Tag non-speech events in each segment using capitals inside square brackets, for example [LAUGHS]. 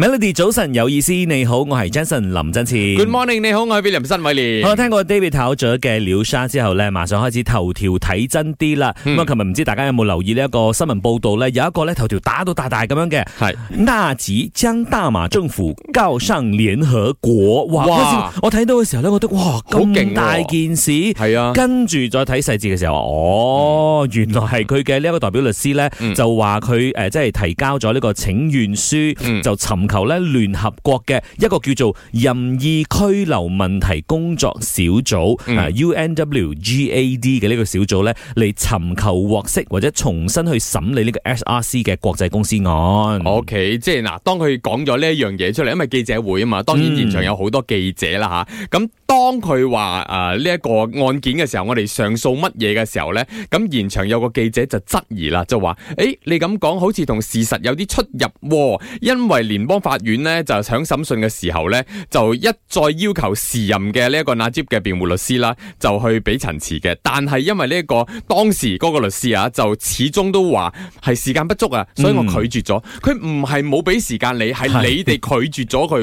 Melody 早晨，有意思，你好，我係 Jason 林振次。Good morning，你好，我係 William 新偉廉。我聽過 David 考咗嘅了沙之後呢，馬上開始頭條，睇真啲啦。咁啊、嗯，琴日唔知大家有冇留意呢一個新聞報道呢？有一個呢頭條打到大大咁樣嘅，係阿是子將大馬政府交上聯合國。哇！哇我睇到嘅時候我覺得哇咁大件事，係、哦、啊。跟住再睇細節嘅時候，哦，嗯、原來係佢嘅呢一個代表律師呢，嗯、就話佢誒，即係提交咗呢個請願書，嗯、就求咧聯合國嘅一個叫做任意拘留問題工作小組啊 （UNWGAD） 嘅呢個小組咧，嚟尋求獲釋或者重新去審理呢個 SRC 嘅國際公司案。OK，即係嗱，當佢講咗呢一樣嘢出嚟，因為記者會啊嘛，當然現場有好多記者啦吓。咁當佢話誒呢一個案件嘅時候，我哋上訴乜嘢嘅時候咧，咁現場有個記者就質疑啦，就話：誒，你咁講好似同事實有啲出入，因為聯邦法院呢就喺審訊嘅時候呢，就一再要求時任嘅呢一個納吉嘅辯護律師啦，就去俾陳詞嘅。但係因為呢、這、一個當時嗰個律師啊，就始終都話係時間不足啊，所以我拒絕咗。佢唔係冇俾時間你，係你哋拒絕咗佢。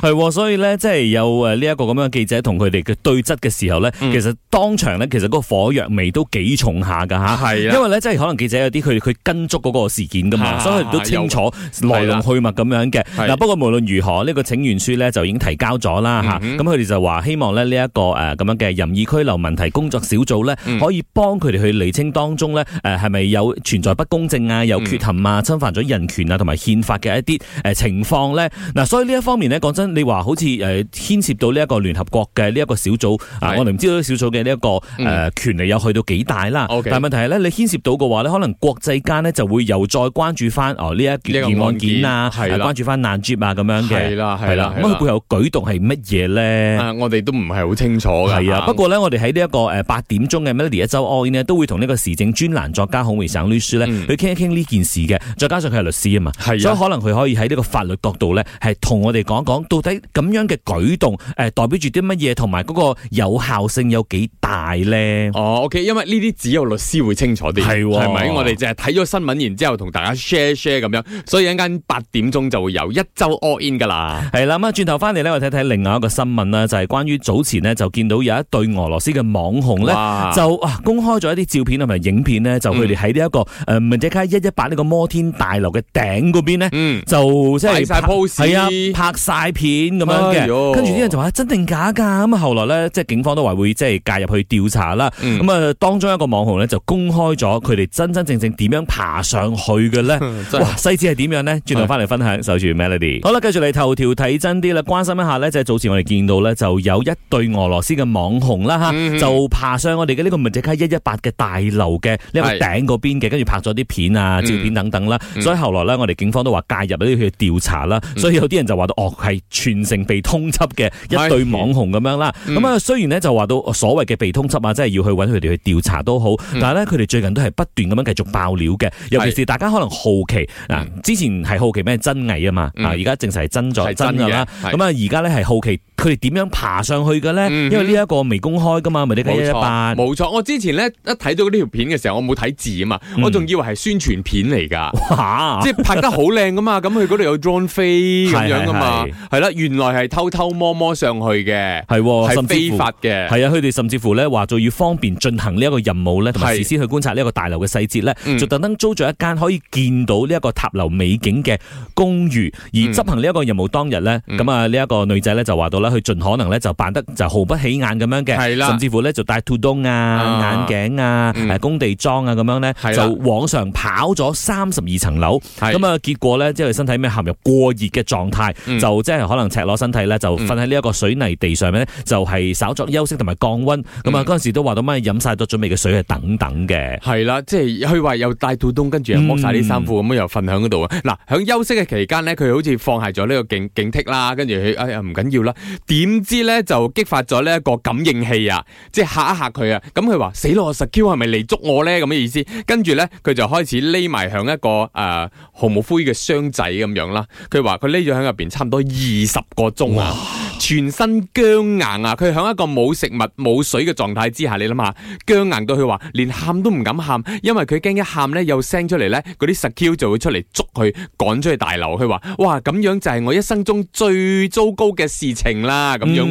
係，所以呢即係有誒呢一個咁樣記者同佢哋嘅對質嘅時候呢，其實當場呢其實個火藥味都幾重下噶吓。係啊，因為呢即係可能記者有啲佢佢跟足嗰個事件噶嘛，的所以都清楚來龍去脈咁樣。嘅嗱，不過無論如何呢、呢個請願書咧就已經提交咗啦吓，咁佢哋就話希望咧呢一個誒咁樣嘅任意拘留問題工作小組咧，mm hmm. 可以幫佢哋去厘清當中咧誒係咪有存在不公正啊、有缺陷啊、mm hmm. 侵犯咗人權啊同埋憲法嘅一啲誒情況咧嗱，所以呢一方面咧講真，你話好似誒牽涉到呢一個聯合國嘅呢一個小組、mm hmm. 啊，我哋唔知道呢小組嘅呢一個誒、呃 mm hmm. 權利有去到幾大啦，Okay. 但係問題係咧你牽涉到嘅話咧，可能國際間呢，就會又再關注翻哦呢一件案件啊，住翻難接啊咁樣嘅，係啦係啦，咁佢啦啦背後舉動係乜嘢咧？我哋都唔係好清楚嘅，係啊。吧不過咧，我哋喺呢一個誒八點鐘嘅 Monday 一周 on 都會同呢個時政專欄作家孔維省律師咧、嗯、去傾一傾呢件事嘅。再加上佢係律師啊嘛，係啊所以可能佢可以喺呢個法律角度咧，係同我哋講講到底咁樣嘅舉動誒、呃，代表住啲乜嘢，同埋嗰個有效性有幾大咧？哦，OK，因為呢啲只有律師會清楚啲，係咪、啊？我哋淨係睇咗新聞，然之後同大家 share share 咁樣，所以一陣間八點鐘就。由一周 all in 噶啦，係啦咁啊！轉頭翻嚟咧，我睇睇另外一個新聞啦，就係、是、關於早前呢，就見到有一對俄羅斯嘅網紅咧，就公開咗一啲照片同埋影片咧，哇就佢哋喺呢一個誒名卡一一八呢個摩天大樓嘅頂嗰邊咧，就即係晒 pose 啊，拍晒片咁樣嘅，跟住啲人就話真定假噶，咁啊後來咧即係警方都話會即係介入去調查啦，咁啊、嗯嗯、當中一個網紅咧就公開咗佢哋真真正正點樣爬上去嘅咧，嗯、哇細節係點樣咧？轉頭翻嚟分享。哎住 Melody。好啦，繼續嚟頭條睇真啲啦，關心一下呢，就係早前我哋見到呢，就有一對俄羅斯嘅網紅啦，吓、mm hmm. 就爬上我哋嘅呢個文政卡一一八嘅大樓嘅呢個頂嗰邊嘅，跟住拍咗啲片啊、照片等等啦。Mm hmm. 所以後來呢，我哋警方都話介入呢啲去調查啦。Mm hmm. 所以有啲人就話到，哦係全城被通緝嘅一對網紅咁樣啦。咁啊、mm，hmm. 雖然呢就話到所謂嘅被通緝啊，即係要去搵佢哋去調查都好，mm hmm. 但係呢，佢哋最近都係不斷咁樣繼續爆料嘅。尤其是大家可能好奇、mm hmm. 之前係好奇咩真偽？啊嘛，啊而家證實係真在真嘅啦，咁啊而家咧係好奇。佢哋點樣爬上去嘅咧？因為呢一個未公開噶嘛，咪啲一八，冇錯。我之前咧一睇到呢條片嘅時候，我冇睇字啊嘛，我仲以為係宣傳片嚟㗎，即係拍得好靚噶嘛。咁佢嗰度有 drone 飛咁樣㗎嘛，係啦。原來係偷偷摸摸上去嘅，係喎，係非法嘅，係啊。佢哋甚至乎咧話就要方便進行呢一個任務咧，同埋事先去觀察呢一個大樓嘅細節咧，就特登租咗一間可以見到呢一個塔樓美景嘅公寓，而執行呢一個任務當日咧，咁啊呢一個女仔咧就話到啦。佢盡可能咧就扮得就毫不起眼咁樣嘅，係啦，甚至乎咧就戴肚冬啊、眼鏡啊、工地裝啊咁樣咧，就往上跑咗三十二層樓。咁啊，結果咧即係佢身體咩陷入過熱嘅狀態，就即係可能赤裸身體咧就瞓喺呢一個水泥地上面，就係稍作休息同埋降溫。咁啊嗰陣時都話到咩飲晒咗準備嘅水係等等嘅。係啦，即係佢話又戴肚冬，跟住又剝晒啲衫褲，咁樣又瞓響嗰度啊。嗱，喺休息嘅期間咧，佢好似放下咗呢個警警惕啦，跟住佢哎呀唔緊要啦。點知咧就激發咗呢一個感應器啊，即係吓一吓佢啊，咁佢話死咯，我實 Q 係咪嚟捉我咧，咁嘅意思，跟住咧佢就開始匿埋向一個誒、呃、毫無灰嘅箱仔咁樣啦，佢話佢匿咗喺入邊差唔多二十個鐘啊。全身僵硬啊！佢響一個冇食物冇水嘅狀態之下，你諗下，僵硬到佢話連喊都唔敢喊，因為佢驚一喊咧有聲出嚟咧，嗰啲 secure 就會出嚟捉佢，趕出去大樓。佢話：哇，咁樣就係我一生中最糟糕嘅事情啦！咁樣，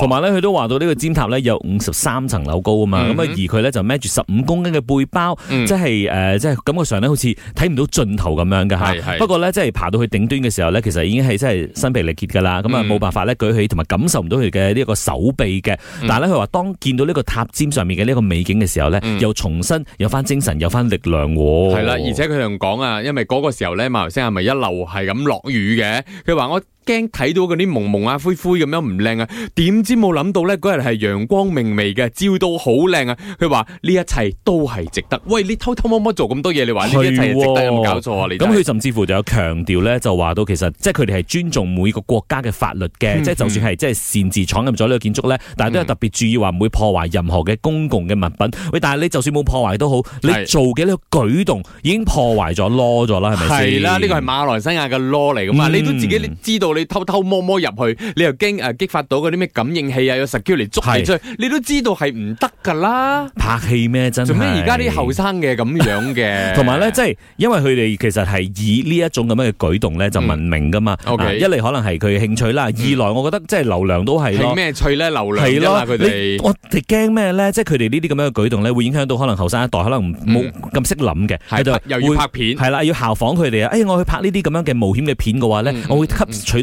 同埋咧，佢哇都話到呢個尖塔咧有五十三層樓高啊嘛，咁啊、嗯、哼而佢咧就孭住十五公斤嘅背包，嗯、即係誒、呃，即係感覺上咧好似睇唔到盡頭咁樣噶吓。是是不過咧，即係爬到去頂端嘅時候咧，其實已經係真係身疲力竭噶啦，咁啊冇辦法咧。佢同埋感受唔到佢嘅呢個手臂嘅，但係咧佢話當見到呢個塔尖上面嘅呢個美景嘅時候咧，嗯、又重新有翻精神，有翻力量喎、哦，係啦，而且佢仲講啊，因為嗰個時候咧，馬頭星係咪一路係咁落雨嘅？佢話我。驚睇到嗰啲蒙蒙啊灰灰咁樣唔靚啊，點知冇諗到呢？嗰日係陽光明媚嘅，照到好靚啊！佢話呢一切都係值得。喂，你偷偷摸摸做咁多嘢，你話呢一切都值得，有冇搞錯？你咁佢甚至乎仲有強調呢，就話到其實即係佢哋係尊重每個國家嘅法律嘅，嗯嗯，即係就算係即係擅自闖入咗呢個建築呢，但係都有特別注意話唔會破壞任何嘅公共嘅物品。喂，但係你就算冇破壞都好，你做嘅呢個舉動已經破壞咗 law 咗啦，係咪先？係啦，呢個係馬來西亞嘅 law 嚟噶嘛，嗯、你都自己知道。你偷偷摸摸入去，你又驚誒激發到嗰啲咩感應器啊？有 security 嚟捉你出你都知道係唔得噶啦！拍戲咩真？做咩而家啲後生嘅咁樣嘅？同埋咧，即係因為佢哋其實係以呢一種咁樣嘅舉動咧，就聞名噶嘛。一嚟可能係佢嘅興趣啦，二來我覺得即係流量都係咯。咩趣咧？流量係咯，佢哋我哋驚咩咧？即係佢哋呢啲咁樣嘅舉動咧，會影響到可能後生一代，可能冇咁識諗嘅喺度，又要拍片係啦，要效仿佢哋啊！哎，我去拍呢啲咁樣嘅冒險嘅片嘅話咧，我會吸取。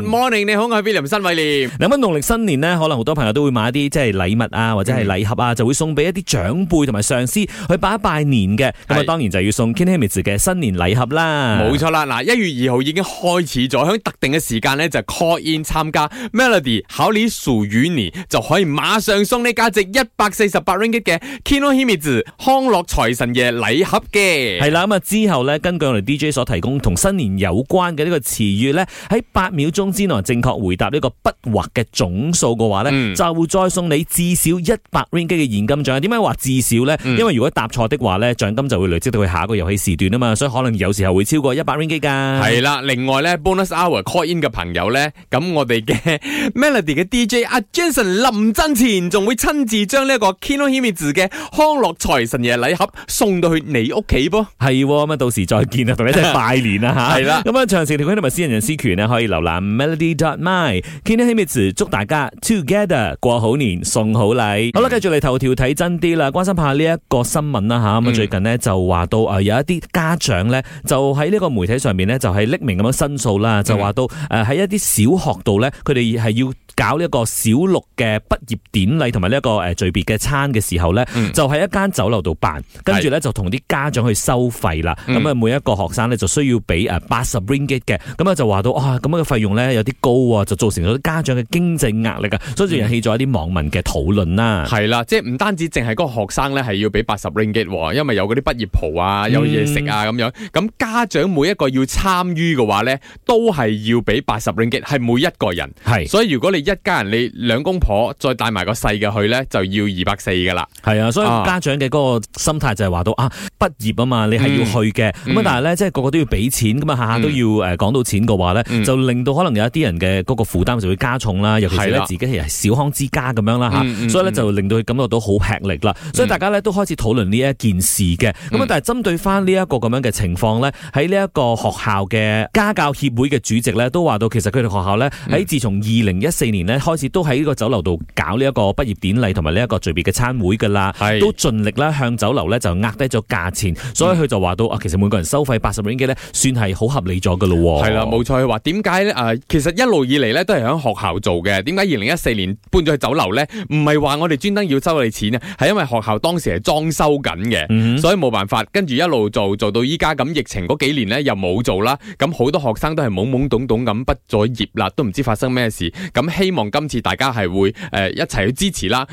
Good morning，你好，我係 William 新偉念。咁啊，農曆新年呢，可能好多朋友都會買一啲即係禮物啊，或者係禮盒啊，就會送俾一啲長輩同埋上司去拜一拜年嘅。咁啊、嗯，當然就要送 Kinohimitsu 嘅新年禮盒啦。冇錯啦，嗱，一月二號已經開始咗，喺特定嘅時間呢，就 call in 參加 Melody 考你熟語年，就可以馬上送你價值一百四十八 ringgit 嘅 Kinohimitsu、oh、康樂財神嘅禮盒嘅。係啦，咁、嗯、啊之後呢，根據我哋 DJ 所提供同新年有關嘅呢個詞語呢，喺八秒鐘，之內正確回答這個劃的的呢個筆劃嘅總數嘅話咧，嗯、就會再送你至少一百 ringgit 嘅現金獎。點解話至少咧？嗯、因為如果答錯的話咧，獎金就會累積到去下一個遊戲時段啊嘛，所以可能有時候會超過一百 ringgit 噶。係啦，另外咧 bonus hour call in 嘅朋友咧，咁我哋嘅 Melody 嘅 DJ 阿、啊、Jason 林真前仲會親自將呢一個 Kino、oh、himitsu 嘅康樂財神爺禮盒送到去你屋企噃。係咁啊，到時再見啊，同你一齊拜年啊吓。係啦 [LAUGHS] 了，咁啊，長城條 key 私人人私權咧，可以瀏覽。Melody dot my，Kenny Hymies 祝大家 together 過好年，送好禮。嗯、好啦，繼續嚟頭條睇真啲啦，關心下呢一個新聞啦吓。咁啊、嗯，最近咧就話到啊，有一啲家長咧就喺呢個媒體上面咧就係匿名咁樣申訴啦，嗯、就話到誒喺一啲小學度咧，佢哋係要搞呢一個小六嘅畢業典禮同埋呢一個誒聚別嘅餐嘅時候咧，就喺一間酒樓度辦，嗯、跟住咧就同啲家長去收費啦。咁啊、嗯，每一個學生咧就需要俾誒八十 ringgit 嘅，咁啊就話到哇哎、咁樣嘅費用咧有啲高啊，就造成咗啲家長嘅經濟壓力啊，所以就引起咗一啲網民嘅討論啦。係啦、嗯啊，即係唔單止淨係個學生咧，係要俾八十 ringgit，因為有嗰啲畢業袍啊，嗯、有嘢食啊咁樣。咁家長每一個要參與嘅話咧，都係要俾八十 ringgit，係每一個人。係是，所以如果你一家人你兩公婆再帶埋個細嘅去咧，就要二百四噶啦。係啊，所以家長嘅嗰個心態就係話到啊，畢、啊、業啊嘛，你係要去嘅。咁啊、嗯，嗯、但係咧，即係個個都要俾錢，咁啊下下都要誒講到錢嘅話咧，嗯、就令到可能。有一啲人嘅嗰個負擔就會加重啦，尤其是自己係小康之家咁樣啦吓，所以咧就令到佢感覺到好吃力啦。所以大家咧都開始討論呢一件事嘅。咁啊，但係針對翻呢一個咁樣嘅情況呢，喺呢一個學校嘅家教協會嘅主席呢，都話到，其實佢哋學校呢，喺自從二零一四年呢開始都喺呢個酒樓度搞呢一個畢業典禮同埋呢一個聚別嘅餐會噶啦，都盡力啦向酒樓呢就壓低咗價錢，所以佢就話到啊，其實每個人收費八十蚊雞咧，算係好合理咗噶咯的。係啦，冇錯。佢話點解咧？啊！其實一路以嚟咧都係喺學校做嘅，點解二零一四年搬咗去酒樓呢？唔係話我哋專登要收你錢呢，係因為學校當時係裝修緊嘅，mm hmm. 所以冇辦法。跟住一路做，做到依家咁。疫情嗰幾年呢，又冇做啦。咁好多學生都係懵懵懂懂咁畢咗業啦，都唔知發生咩事。咁希望今次大家係會誒、呃、一齊去支持啦。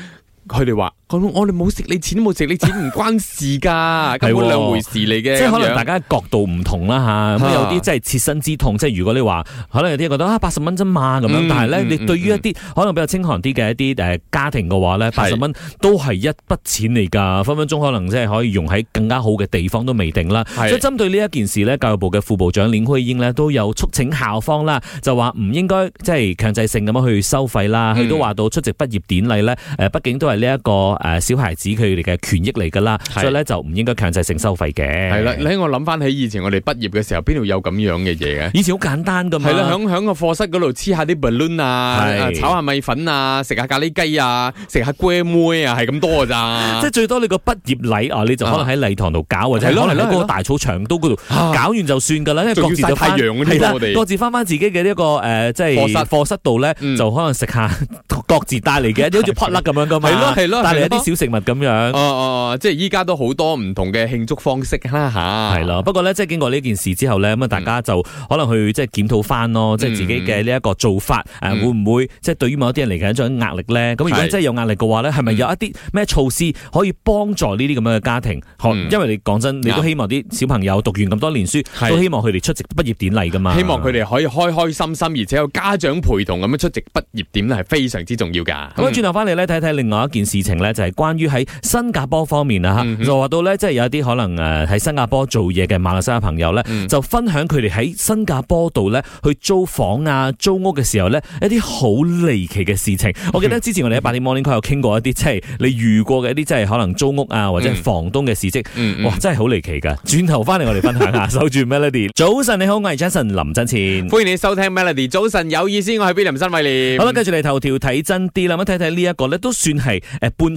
佢哋話。我哋冇食你錢，冇食你錢唔關事噶，根本兩回事嚟嘅。哦、樣即係可能大家角度唔同啦吓，咁、啊、有啲真係切身之痛。即係如果你話，可能有啲人覺得啊，八十蚊啫嘛咁樣，但係咧，你對於一啲、嗯嗯、可能比較清寒啲嘅一啲誒家庭嘅話咧，八十蚊都係一筆錢嚟噶，是分分鐘可能即係可以用喺更加好嘅地方都未定啦。是所以針對呢一件事呢，教育部嘅副部長林輝英呢都有促請校方啦，就話唔應該即係強制性咁樣去收費啦。佢、嗯、都話到出席畢業典禮咧，誒，畢竟都係呢一個。誒，小孩子佢哋嘅權益嚟噶啦，所以咧就唔應該強制性收費嘅。係啦，你喺我諗翻起以前我哋畢業嘅時候，邊度有咁樣嘅嘢嘅？以前好簡單噶嘛。係啦，響響個課室嗰度黐下啲 balloon 啊，炒下米粉啊，食下咖喱雞啊，食下龜妹啊，係咁多㗎咋。即係最多你個畢業禮啊，你就可能喺禮堂度搞，或者可能喺嗰個大草場都嗰度搞完就算㗎啦。因為各自太陽啊，係啦，各自翻翻自己嘅呢一個誒，即係課室課室度咧，就可能食下各自帶嚟嘅，好似 potluck 咁樣㗎嘛。係咯係咯。啲小食物咁樣哦，哦哦，即係依家都好多唔同嘅慶祝方式啦吓，係咯。不過咧，即係經過呢件事之後咧，咁啊大家就可能去檢討，嗯、即係檢討翻咯，即係自己嘅呢一個做法，誒、嗯、會唔會即係對於某一啲人嚟講一種壓力咧？咁，嗯、如果真係有壓力嘅話咧，係咪有一啲咩措施可以幫助呢啲咁樣嘅家庭？嗯、因為你講真的，你都希望啲小朋友讀完咁多年書，嗯、都希望佢哋出席畢業典禮噶嘛？希望佢哋可以開開心心，而且有家長陪同咁樣出席畢業典禮係非常之重要噶。咁啊、嗯，轉頭翻嚟咧，睇睇另外一件事情咧。就係關於喺新加坡方面啊，嚇、mm hmm.，就話到咧，即係有一啲可能誒喺新加坡做嘢嘅馬來西亞朋友咧，mm hmm. 就分享佢哋喺新加坡度咧去租房啊、租屋嘅時候咧一啲好離奇嘅事情。Mm hmm. 我記得之前我哋喺八點 Morning Call 有傾過一啲，即、就、係、是、你遇過嘅一啲即係可能租屋啊或者房東嘅事蹟，mm hmm. 哇真係好離奇噶！轉頭翻嚟我哋分享下。 [LAUGHS] 守住 Melody。早晨你好，我係 Jason 林振前，歡迎你收聽 Melody。早晨有意思，我係 Billy 林新偉。好啦，跟住嚟頭條睇真啲啦，咁睇睇呢一個咧都算係誒、呃、半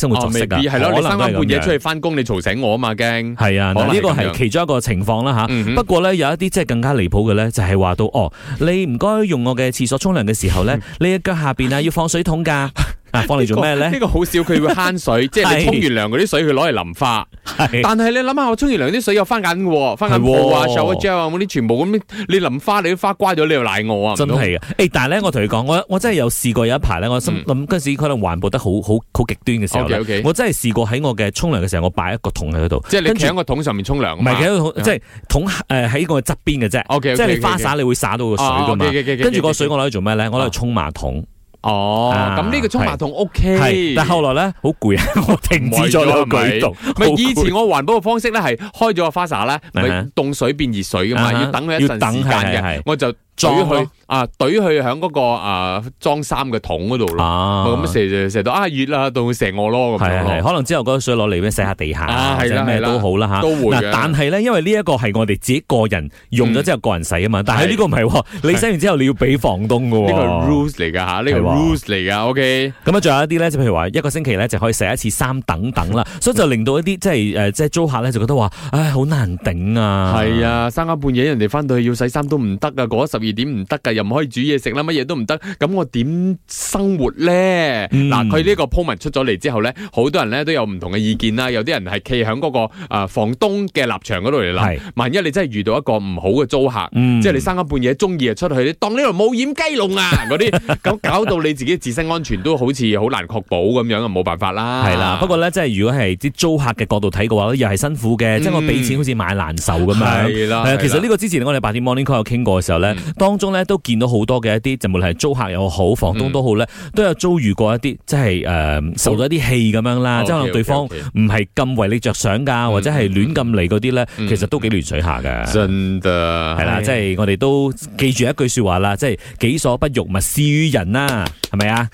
生活習慣，係咯、哦，可能 你三更半夜出去翻工，你嘈醒我啊嘛，驚的。係啊，嗱，呢個係其中一個情況啦吓。嗯、哼不過咧，有一啲即係更加離譜嘅咧，就係、是、話到哦，你唔該用我嘅廁所沖涼嘅時候咧， [LAUGHS] 你嘅腳下邊啊要放水桶噶。 [LAUGHS] 放你做咩咧？呢個好少，佢會慳水，即係你沖完涼嗰啲水，佢攞嚟淋花。但係你諗下，我沖完涼啲水又花梗，花梗啊 s h 啲全部咁，你淋花，你啲花瓜咗，你又瀨我啊！真係嘅。但係咧，我同你講，我真係有試過有一排咧，我心諗嗰時可能環保得好好好極端嘅時候，我真係試過喺我嘅沖涼嘅時候，我擺一個桶喺度，即係你企喺個桶上面沖涼，唔係企即係桶誒喺我嘅側邊嘅啫。即係你花灑你會灑到個水噶嘛？跟住個水我攞嚟做咩咧？我攞嚟沖馬桶。哦，咁呢個沖馬桶 OK，但後來咧好攰啊，我停止咗個舉動。咪以前我環保嘅方式咧係開咗個花灑咧，係凍水變熱水噶嘛，要等佢一陣時間嘅，我就。懟去啊！懟去響嗰個啊裝衫嘅桶嗰度咯，咁射射到啊熱啦，到射我咯咁樣咯，可能之後嗰啲水攞嚟咧洗下地下或者咩都好啦吓。都會。但係咧，因為呢一個係我哋自己個人用咗之後個人洗啊嘛。但係呢個唔係，你洗完之後你要俾房東噶。呢個 rules 嚟噶吓，呢個 rules 嚟噶。OK。咁啊，仲有一啲咧，就譬如話一個星期咧就可以洗一次衫等等啦，所以就令到一啲即係誒即係租客咧就覺得話唉好難頂啊。係啊，三更半夜人哋翻到去要洗衫都唔得噶，嗰十。點唔得噶又唔可以煮嘢食啦，乜嘢都唔得，咁我點生活咧？嗱、嗯，佢呢個鋪 o 出咗嚟之後咧，好多人咧都有唔同嘅意見啦。有啲人係企喺嗰個啊房東嘅立場嗰度嚟，啦萬一你真係遇到一個唔好嘅租客，即係、嗯、你生一半夜中意啊出去，你當呢度冇掩雞籠啊嗰啲，咁 [LAUGHS] 搞到你自己自身安全都好似好難確保咁樣，冇辦法啦。係啦，不過咧，真係如果係啲租客嘅角度睇嘅話又係辛苦嘅，即係、嗯、我俾錢好似買難受咁樣。係啦，其實呢個之前我哋八點 Morning Call 有傾過嘅時候咧。嗯當中咧都見到好多嘅一啲，就無論係租客又好，房東都好咧，嗯、都有遭遇過一啲，即係誒、呃，受咗一啲氣咁樣啦，哦、即係可能對方唔係咁為你着想噶，嗯、或者係亂咁嚟嗰啲咧，嗯、其實都幾亂水下噶。真噶係啦，即係了的我哋都記住一句說話啦，即、就、係、是、己所不欲，勿施於人啦，係咪啊？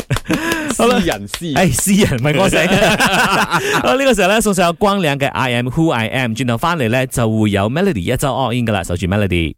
施 [LAUGHS] 人私、， [LAUGHS] 哎、私人，施人唔係我寫嘅。好，呢個時候咧送上有光嘅 I Am Who I Am，轉頭翻嚟咧就會有 Melody 一周 all in 噶啦，守住 Melody。